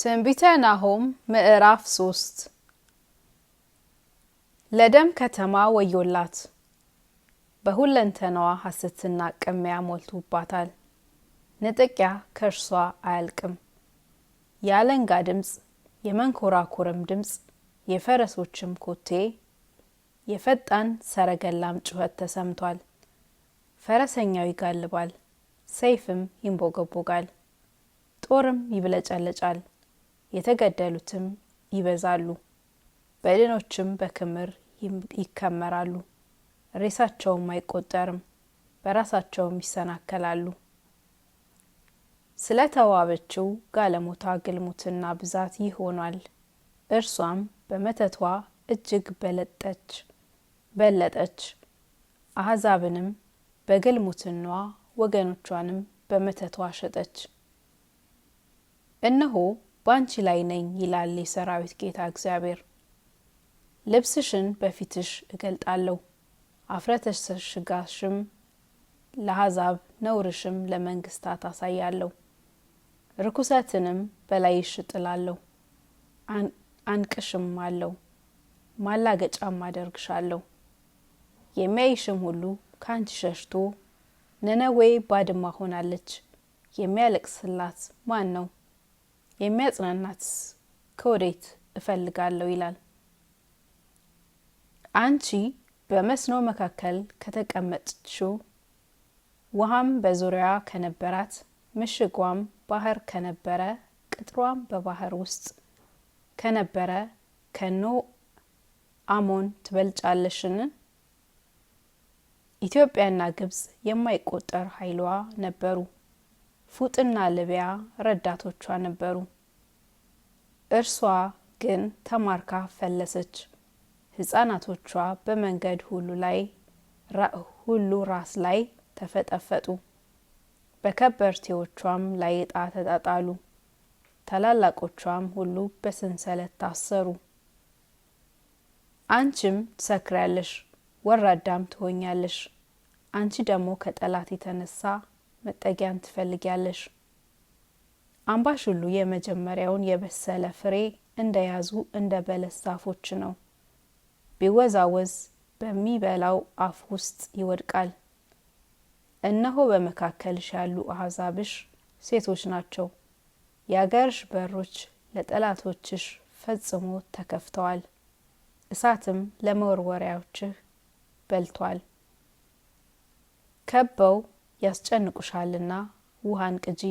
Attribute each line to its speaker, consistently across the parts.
Speaker 1: ትንቢተ ናሆም ምዕራፍ ሶስት ለደም ከተማ ወዮላት፣ በሁለንተናዋ ሐሰትና ቅሚያ ሞልቶባታል። ንጥቂያ ከእርሷ አያልቅም። የአለንጋ ድምፅ፣ የመንኮራኩርም ድምፅ፣ የፈረሶችም ኮቴ፣ የፈጣን ሰረገላም ጩኸት ተሰምቷል። ፈረሰኛው ይጋልባል፣ ሰይፍም ይንቦገቦጋል፣ ጦርም ይብለጨለጫል። የተገደሉትም ይበዛሉ፣ በድኖችም በክምር ይከመራሉ፣ ሬሳቸውም አይቆጠርም፣ በራሳቸውም ይሰናከላሉ። ስለ ተዋበችው ጋለሞታ ግልሙትና ብዛት ይህ ሆኗል። እርሷም በመተቷ እጅግ በለጠች በለጠች አሕዛብንም በግልሙትኗ ወገኖቿንም በመተቷ ሸጠች። እነሆ በአንቺ ላይ ነኝ ይላል የሰራዊት ጌታ እግዚአብሔር። ልብስሽን በፊትሽ እገልጣለሁ፣ አፍረተሽ ለሀዛብ ለአሕዛብ ነውርሽም ለመንግስታት አሳያለሁ። ርኩሰትንም በላይሽ እጥላለሁ፣ አንቅሽም አለው፣ ማላገጫም አደርግሻለሁ። የሚያይሽም ሁሉ ከአንቺ ሸሽቶ ነነዌ ባድማ ሆናለች የሚያለቅስላት ማን ነው? የሚያጽናናት ከወዴት እፈልጋለሁ ይላል። አንቺ በመስኖ መካከል ከተቀመጥችው ውሃም በዙሪያዋ ከነበራት ምሽጓም ባህር ከነበረ ቅጥሯም በባህር ውስጥ ከነበረ ከኖ አሞን ትበልጫለሽን? ኢትዮጵያና ግብጽ የማይቆጠር ኃይሏ ነበሩ። ፉጥና ልቢያ ረዳቶቿ ነበሩ። እርሷ ግን ተማርካ ፈለሰች። ሕፃናቶቿ በመንገድ ሁሉ ላይ ሁሉ ራስ ላይ ተፈጠፈጡ፣ በከበርቴዎቿም ላይ እጣ ተጣጣሉ፣ ታላላቆቿም ሁሉ በሰንሰለት ታሰሩ። አንቺም ትሰክሪያለሽ፣ ወራዳም ትሆኛለሽ። አንቺ ደግሞ ከጠላት የተነሳ መጠጊያን ትፈልጊያለሽ። አምባሽ ሁሉ የመጀመሪያውን የበሰለ ፍሬ እንደ ያዙ እንደ በለስ ዛፎች ነው። ቢወዛወዝ በሚበላው አፍ ውስጥ ይወድቃል። እነሆ በመካከልሽ ያሉ አሕዛብሽ ሴቶች ናቸው። የአገርሽ በሮች ለጠላቶችሽ ፈጽሞ ተከፍተዋል፣ እሳትም ለመወርወሪያዎችህ በልቷል። ከበው ያስጨንቁሻልና ውሃን ቅጂ፣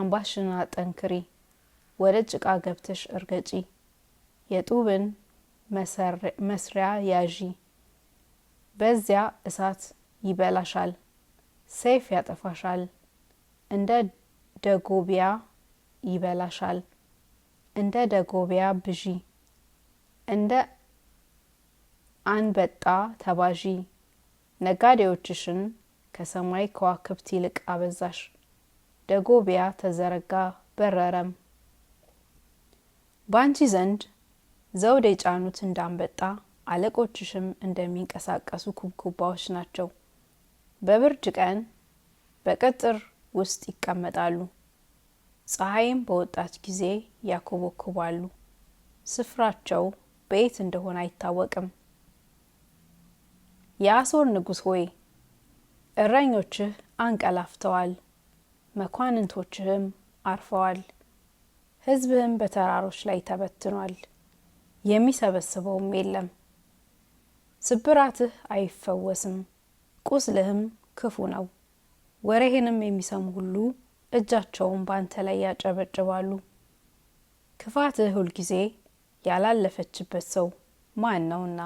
Speaker 1: አምባሽን አጠንክሪ፣ ወደ ጭቃ ገብተሽ እርገጪ፣ የጡብን መስሪያ ያዢ፣ በዚያ እሳት ይበላሻል፣ ሰይፍ ያጠፋሻል፣ እንደ ደጎቢያ ይበላሻል። እንደ ደጎቢያ ብዢ፣ እንደ አንበጣ ተባዢ፣ ነጋዴዎችሽን ከሰማይ ከዋክብት ይልቅ አበዛሽ። ደጎቢያ ተዘረጋ በረረም። ባንቺ ዘንድ ዘውድ የጫኑት እንዳንበጣ አለቆችሽም እንደሚንቀሳቀሱ ኩብኩባዎች ናቸው። በብርድ ቀን በቅጥር ውስጥ ይቀመጣሉ፣ ፀሐይም በወጣች ጊዜ ያኮበኩባሉ። ስፍራቸው በየት እንደሆነ አይታወቅም። የአሶር ንጉሥ ሆይ እረኞችህ አንቀላፍተዋል፣ መኳንንቶችህም አርፈዋል። ሕዝብህም በተራሮች ላይ ተበትኗል፣ የሚሰበስበውም የለም። ስብራትህ አይፈወስም፣ ቁስልህም ክፉ ነው። ወሬህንም የሚሰሙ ሁሉ እጃቸውን በአንተ ላይ ያጨበጭባሉ። ክፋትህ ሁልጊዜ ያላለፈችበት ሰው ማን ነውና?